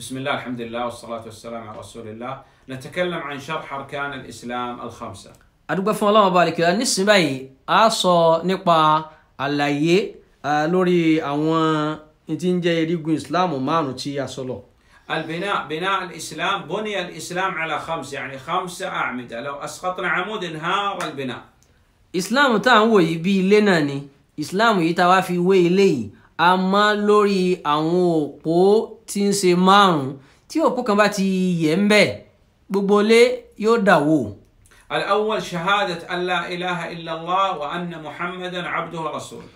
بسم الله الحمد لله والصلاة والسلام على رسول الله نتكلم عن شرح أركان الإسلام الخمسة adúgbò fún ọlọ́run ọba àlekèrè أصو báyìí a sọ nípa àlàyé lórí àwọn tí ń jẹ́ erigun islam البناء بناء الإسلام بني الإسلام على خمس يعني خمسة أعمدة لو أسقطنا عمود انهار البناء. إسلام تاوي بي لناني إسلام يتوافي وي ilé àmọ́ lórí àwọn òpó tí ń ṣe márùn-ún tí òpó kan bá ti yẹ̀ ń bẹ̀ gbogbo ilé yóò dà wò. al-awwal shahadat allah ilaha illallah wa anna muhammadan abduhu wa rasuluhu.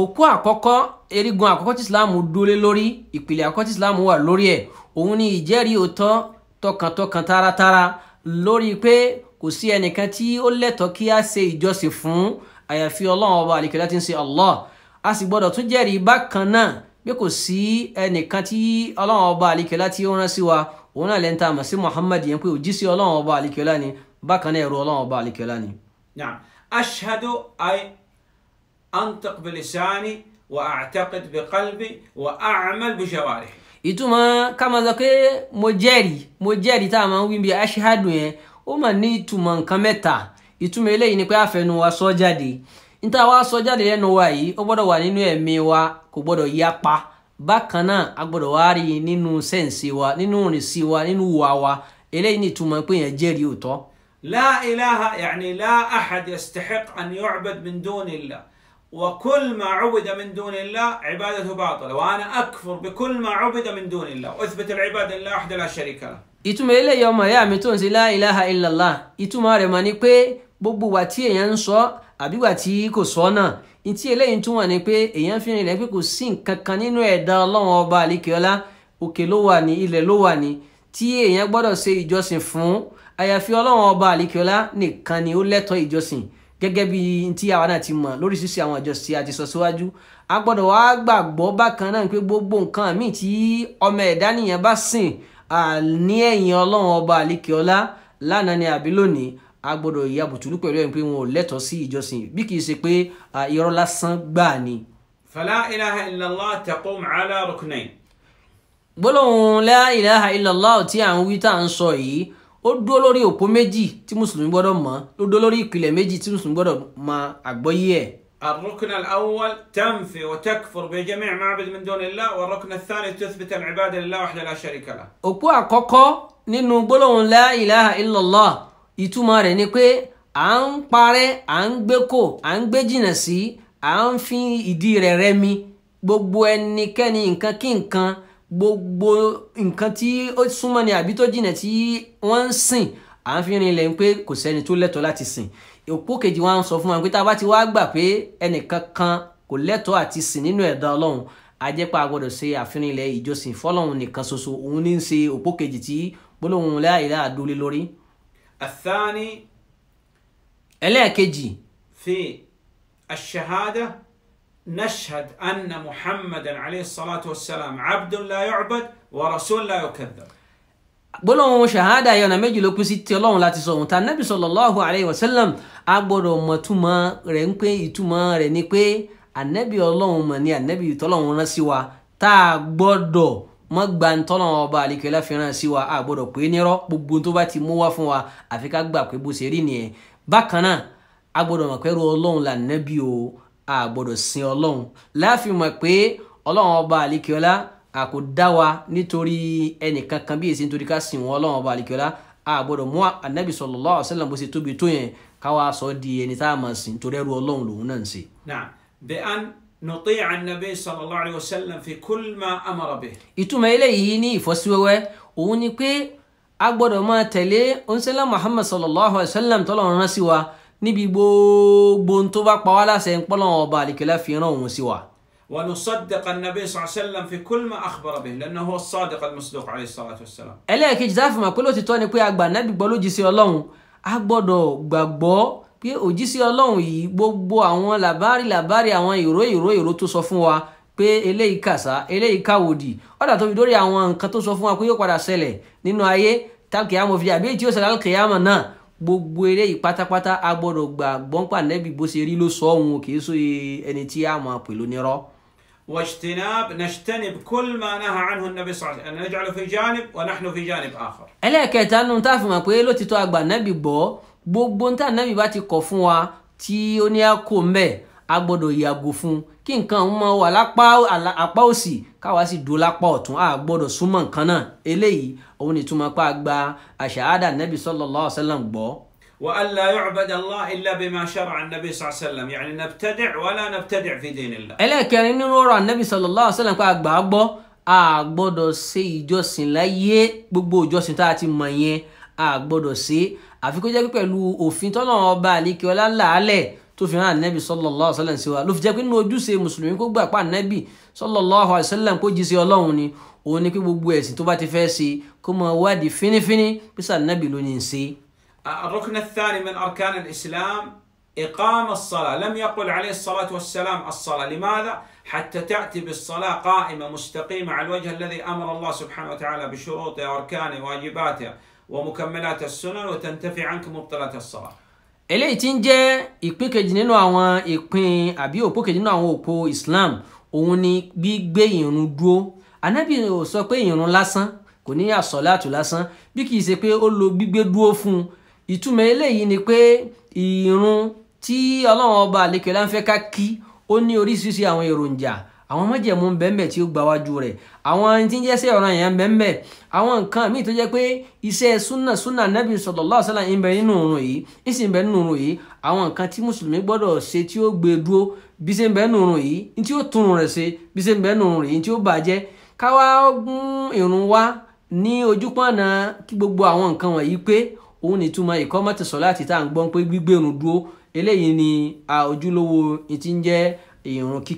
òkú àkọ́kọ́ erigun àkọ́kọ́ tí islam dúró lórí ìpìlẹ̀ àkọ́kọ́ tí islam wà lórí ẹ̀ òun ni ìjẹ́rìí òótọ́ tọkàntọkàn taratara lórí pé kò sí ẹnìkan tí ó lẹ́tọ̀ọ́ kí a ṣe ìjọsìn fún àyàfi ọlọ́run ọba àlìkẹ́lá tí ń ṣe allah a sì gbọ́dọ̀ tún jẹ́rìí bákan náà pé kò sí ẹnìkan tí ọlọ́run ọba àlekèlá tí ó rán sí wa òun náà lẹ́ńtà mọ̀ sí muhammad yẹn pé òjíṣẹ́ ọlọ́run ọba àlekèlá ni bákan náà ẹ̀rọ ọlọ́run ọba àlekèlá ni. ashhadu ay antaq bilisani wa a'taqid biqalbi wa a'mal bijawarihi. ìtumọ̀ ká sọ pé mo jẹ́rìí mo jẹ́rìí tá a máa ń wí bí ashhadu yẹn ó mà ní ìtumọ̀ nǹkan mẹ́ta ìtumọ̀ eléyìí ni pé àfẹnu wa jáde níta wá sọ jáde lẹ́nu wa yìí ó gbọ́dọ̀ wà nínú ẹ̀mí wa kò gbọ́dọ̀ yapa bákan náà a gbọ́dọ̀ wá rí i nínú sẹ́ǹsì wa nínú ìrìnsì wa nínú wa wa eléyìí ni ìtumọ̀ pé yẹn jẹ́rìí òótọ́. la ilaha yani la ahad yastahiq an yu'bad min dunillah وكل ما عبد من دون الله عبادته باطلة وأنا أكفر بكل ما عبد من دون الله وأثبت العبادة لله وحده لا شريك له ìtumọ̀ eléyìí ọmọ ìyá mi tó ń ṣe la ilaha illallah ìtumọ̀ rẹ̀ àbígbà tí kò sọ́nà ntí eléyìí túmọ̀ ni pé èèyàn fi rìnlẹ̀ pé kò sí nǹkan kan nínú ẹ̀dá ọlọ́run ọba àlekèọ́lá òkè ló wà ní ilẹ̀ ló wà ní tí èèyàn gbọ́dọ̀ ṣe ìjọsìn fún àyàfi ọlọ́run ọba àlekèọ́lá nìkan ni ó lẹ́tọ̀ọ́ ìjọsìn gẹ́gẹ́ bí tí àwa náà ti mọ̀ lóríṣiríṣi àwọn ìjọsìn àti sọ síwájú a gbọ́dọ̀ wá gbàgbọ́ bákan náà pé gbogbo nǹkan míì tí ọmọ ẹ̀dá nìyẹn bá sìn àní ẹ̀yìn ọlọ́run ọba àlekèọ́lá lánàá ni àbí lónìí a gbọ́dọ̀ ya bùtùlù pẹ̀lú ẹ̀ pé wọn ò lẹ́tọ̀ọ́ sí ìjọsìn bí kì í ṣe pé irọ́ lásán gbà ni. fala ilaha illallah taqum ala ruknayn. gbólóhùn la ilaha illallah tí à ń wí tá à ń sọ yìí ó dúró lórí òpó méjì tí mùsùlùmí gbọ́dọ̀ mọ̀ ó dúró lórí ìpìlẹ̀ méjì tí mùsùlùmí gbọ́dọ̀ mọ̀ àgbọ́yé ẹ̀. الركن الأول تنفي وتكفر بجميع معبد من دون الله والركن الثاني تثبت العبادة لله وحده لا شريك له. كوكو àkọ́kọ́ nínú لا إله إلا الله ìtumọ̀ rẹ̀ ni pé à ń parẹ́ à ń gbé kò à ń gbé jìnà sí à ń fi ìdí rẹ̀ rẹmi gbogbo ẹnikẹ́ni nǹkan kí nǹkan gbogbo nǹkan tí ó súnmọ́ ni àbí tó jìnà tí wọ́n ń sìn à ń fi rinlẹ̀ pé kò sẹ́ni tó lẹ́tọ̀ọ́ láti sìn òpó kejì wa sọ fún wa pé tá a bá ti wá gbà pé ẹnìkan kan kò lẹ́tọ̀ọ́ àti sìn nínú ẹ̀dá ọlọ́run ajẹ́pá gbọ́dọ̀ ṣe àfihàn ilẹ̀ ìjọsìn fọlọ́run nìkan ṣoṣo òun ní ṣe òpó kejì tí gbólóhùn láìláàdúlé lórí. الثاني ẹlẹ́ẹ̀kejì في الشهادة نشهد أن محمدا عليه الصلاة والسلام عبد لا يعبد ورسول لا يكذب gbólóhùn ṣahada yẹn ọ̀nà méjì ló pín sí ti ọlọ́run láti sọ ohun ta nẹ́bí sallallahu alayhi wa sallam a gbọ́dọ̀ mọ̀ túmọ̀ rẹ̀ ń pé ìtumọ̀ rẹ̀ ni pé ànẹ́bí ọlọ́run mọ̀ ni ànẹ́bí ìtọ́lọ́run rán sí wa tá a gbọ́dọ̀ mọ́ gba ń tọ́nà ọba àlekèlá fìràn sí wa a gbọ́dọ̀ pé nírọ́ gbogbo tó bá ti mú wá fún wa àfi ká gbà pé bó ṣe rí nìyẹn bákan náà a gbọ́dọ̀ mọ̀ pé ru ọlọ́run là nẹ́bí o a gbọ́dọ̀ sin ọlọ́run láàfin mọ̀ pé ọlọ́run ọba àlekèlá àkó dá wa nítorí ẹnìkan kan bí èsì nítorí ká sìn wọn ọlọ́run ọba àlekèlá a gbọ́dọ̀ mú anabi sallallahu alaihi wasallam bó ṣe tóbi tó yẹn káwa sọ di ẹni tá a máa sìn torí ẹrú ọlọ́run lòun náà ń ṣe. the an نطيع النبي صلى الله عليه وسلم في كل ما أمر به ìtumọ̀ eléyìí ní ìfọ́síwẹ́wẹ́ òun ni pé a gbọ́dọ̀ máa tẹ̀lé oníṣẹ́lá muhammad sallallahu alayhi wa sallam tọ́lọ́run rán sí wa níbi gbogbo tó bá pa wá láṣẹ ń pọ́lọ́ ọba àlìkẹ́lá fi rán òun sí wa. ونصدق النبي صلى الله عليه وسلم في كل ما أخبر به لأنه هو الصادق المصدوق عليه الصلاة والسلام. ẹlẹ́ẹ̀kejì tá a fi mọ̀ pé lóòtítọ́ ni pé àgbà nábì gbọ́ lójì sí ọlọ́run a gbọ́dọ̀ gbàgbọ́ pé òjíṣẹ́ ọlọ́run yìí gbogbo àwọn làbárì làbárì àwọn ìró ìró ìró tó sọ fún wa pé eléyìí kàṣá eléyìí káwòdì ọ̀dà tó fi àwọn nǹkan tó sọ fún wa pé yóò padà ṣẹlẹ̀ nínú ayé tákìyàmọ̀ fi àbí tí ó ṣẹlẹ̀ alkìyàmọ̀ náà gbogbo eléyìí pátápátá a gbọ́dọ̀ gbà gbọ́npà nẹ́bí bó ṣe rí ló sọ òun kì í ṣe ẹni tí a mọ̀ pè lónírọ́. واجتناب نجتنب كل ما نهى عنه النبي صلى الله عليه وسلم نجعله في جانب ونحن في جانب آخر. ẹlẹ́ẹ̀kẹta nù tá a fi mọ̀ pé lótìtọ́ gbogbo ní tànàbí bá ti kọ̀ fún wa tí ó ní àkó mbẹ́ a gbọ́dọ̀ yàgò fún kí nǹkan mọ wà lápá àpá òsì káwa sì dúró lápá ọ̀tún a gbọ́dọ̀ súnmọ́ nǹkan náà eléyìí òun ìtumọ̀ pa gba àṣàhádà nàbì sallallahu alaihi wasallam gbọ́. وألا يعبد الله إلا بما شرع النبي صلى الله عليه وسلم يعني نبتدع ولا نبتدع في دين nínú ọ̀rọ̀ ànábì sallallahu alaihi wasallam pa àgbà a gbọ́dọ̀ ṣe ìjọsìn láyé gbogbo ìjọsìn tá a ti mọ̀ yẹn a gbọ́dọ̀ ṣe àfi kó jẹ́ pé pẹ̀lú òfin tọ́nà ọba àlékè ọlá làálẹ̀ tó fi ran nabi sallallahu alaihi wasallam sí wa ló fi jẹ́ pé nu oju se muslimin kó gbà pa nabi sallallahu alaihi wasallam kó ji jíṣẹ́ ọlọ́run ni òun ni pé gbogbo ẹ̀sìn tó bá ti fẹ́ ṣe kó mọ fini bi sa nabi ló ní í ṣe. الركن الثاني من أركان الإسلام إقام الصلاة لم يقل عليه الصلاة والسلام الصلاة لماذا؟ حتى تأتي بالصلاة قائمة مستقيمة على الوجه الذي أمر الله سبحانه وتعالى بشروطه وأركانه وواجباته ومكملات السنن وتنتفي عنك مبطلات الصلاة eléyìí tí ń jẹ́ ìpín kejì nínú àwọn ìpín àbí òpó kejì nínú àwọn òpó Islam òun ni gbígbé ìrun dúró anábì ò sọ pé ìrun lásán kò ní àsọ̀láàtù lásán bí kìí ṣe pé ó lo gbígbé dúró fún un ìtumọ̀ eléyìí ni pé ìrun tí ọlọ́run ọba àlekèlá ń fẹ́ ká kí ó ní oríṣiríṣi àwọn èròjà àwọn májẹ̀mú bẹ́ẹ̀nbẹ́ẹ̀ tí ó gba wájú rẹ̀ àwọn tí ń jẹ́ sẹ́ ọ̀ràn yẹn bẹ́ẹ̀nbẹ́ẹ̀ àwọn nǹkan míì tó jẹ́ pé iṣẹ́ súnà súnà nábì sallallahu alaihi wasallam ń bẹ nínú òrùn yìí ìsìn bẹ nínú òrùn yìí àwọn nǹkan tí mùsùlùmí gbọ́dọ̀ ṣe tí ó gbé dúró bí ṣe ń bẹ nínú òrùn yìí ní tí ó tún rẹ̀ ṣe bí ṣe ń bẹ nínú òrùn yìí tí ó bàjẹ́ káwá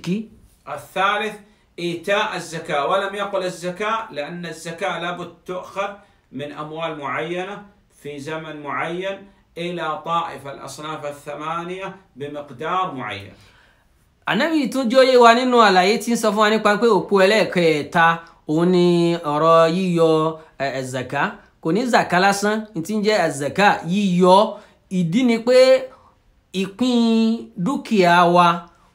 wá الثالث إيتاء الزكاة ولم يقل الزكاة لأن الزكاة لابد تؤخذ من أموال معينة في زمن معين إلى طائف الأصناف الثمانية بمقدار معين ànábì tún jóye wa nínú àlàyé tí ń sọ fún wa nípa pé òpó ẹlẹ́ẹ̀kẹta òun ni ọ̀rọ̀ yíyọ ẹ̀zàká kò ní zàká lásán tí ń jẹ́ ẹ̀zàká yíyọ ìdí ni pé ìpín dúkìá wa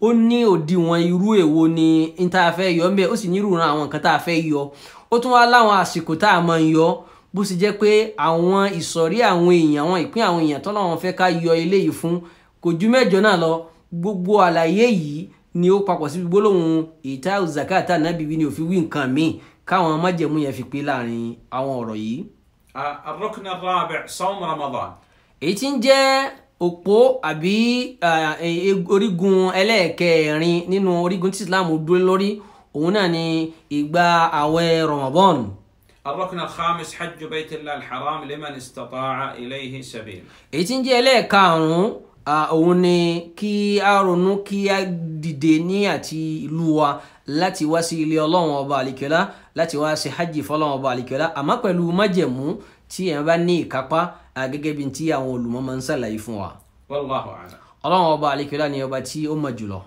ó ní òdiwọ̀n irú èwo ni n tá a fẹ́ yọ ń bẹ ó sì ní ìrùran àwọn nǹkan tá a fẹ́ yọ ó tún wá láwọn àsìkò tá a mọ̀ ń yọ bó sì jẹ́ pé àwọn ìsọ̀rí àwọn èèyàn àwọn ìpín àwọn èèyàn tọ́lọ́ wọn fẹ́ ká yọ eléyìí fún kò ju mẹ́jọ náà lọ gbogbo àlàyé yìí ni ó papọ̀ sí gbólóhùn ìta zakata nàbí wí ni òfin wí nǹkan míì káwọn májẹ̀mú yẹn fi pé láàrin àwọn ọ̀rọ̀ yìí. ar-rukn ar-rabi' sawm ramadan. èyí tí ń jẹ́ òpó àbí orígun ẹlẹ́ẹ̀kẹrin nínú orígun tí islam dúró lórí òun náà ni ìgbà àwẹ̀ ramadan. الركن الخامس حج بيت الله الحرام لمن استطاع إليه سبيل èyí tí ń jẹ́ ẹlẹ́ẹ̀karùn-ún òun ni kí a ronú kí a dìde ní àti ìlú wa láti wá sí ilé ọlọ́run ọba àlìkẹ́lá láti wá sí hajj fọlọ́run ọba àlìkẹ́lá àmọ́ pẹ̀lú májẹ̀mú tí èèyàn bá ní ìkápá gẹ́gẹ́ bí ti àwọn olùmọ̀ máa ń ṣàlàyé fún wa. wallahu a'lam. ọlọ́run ọba àlekèlá ni ọba tí ó mọ̀ jùlọ.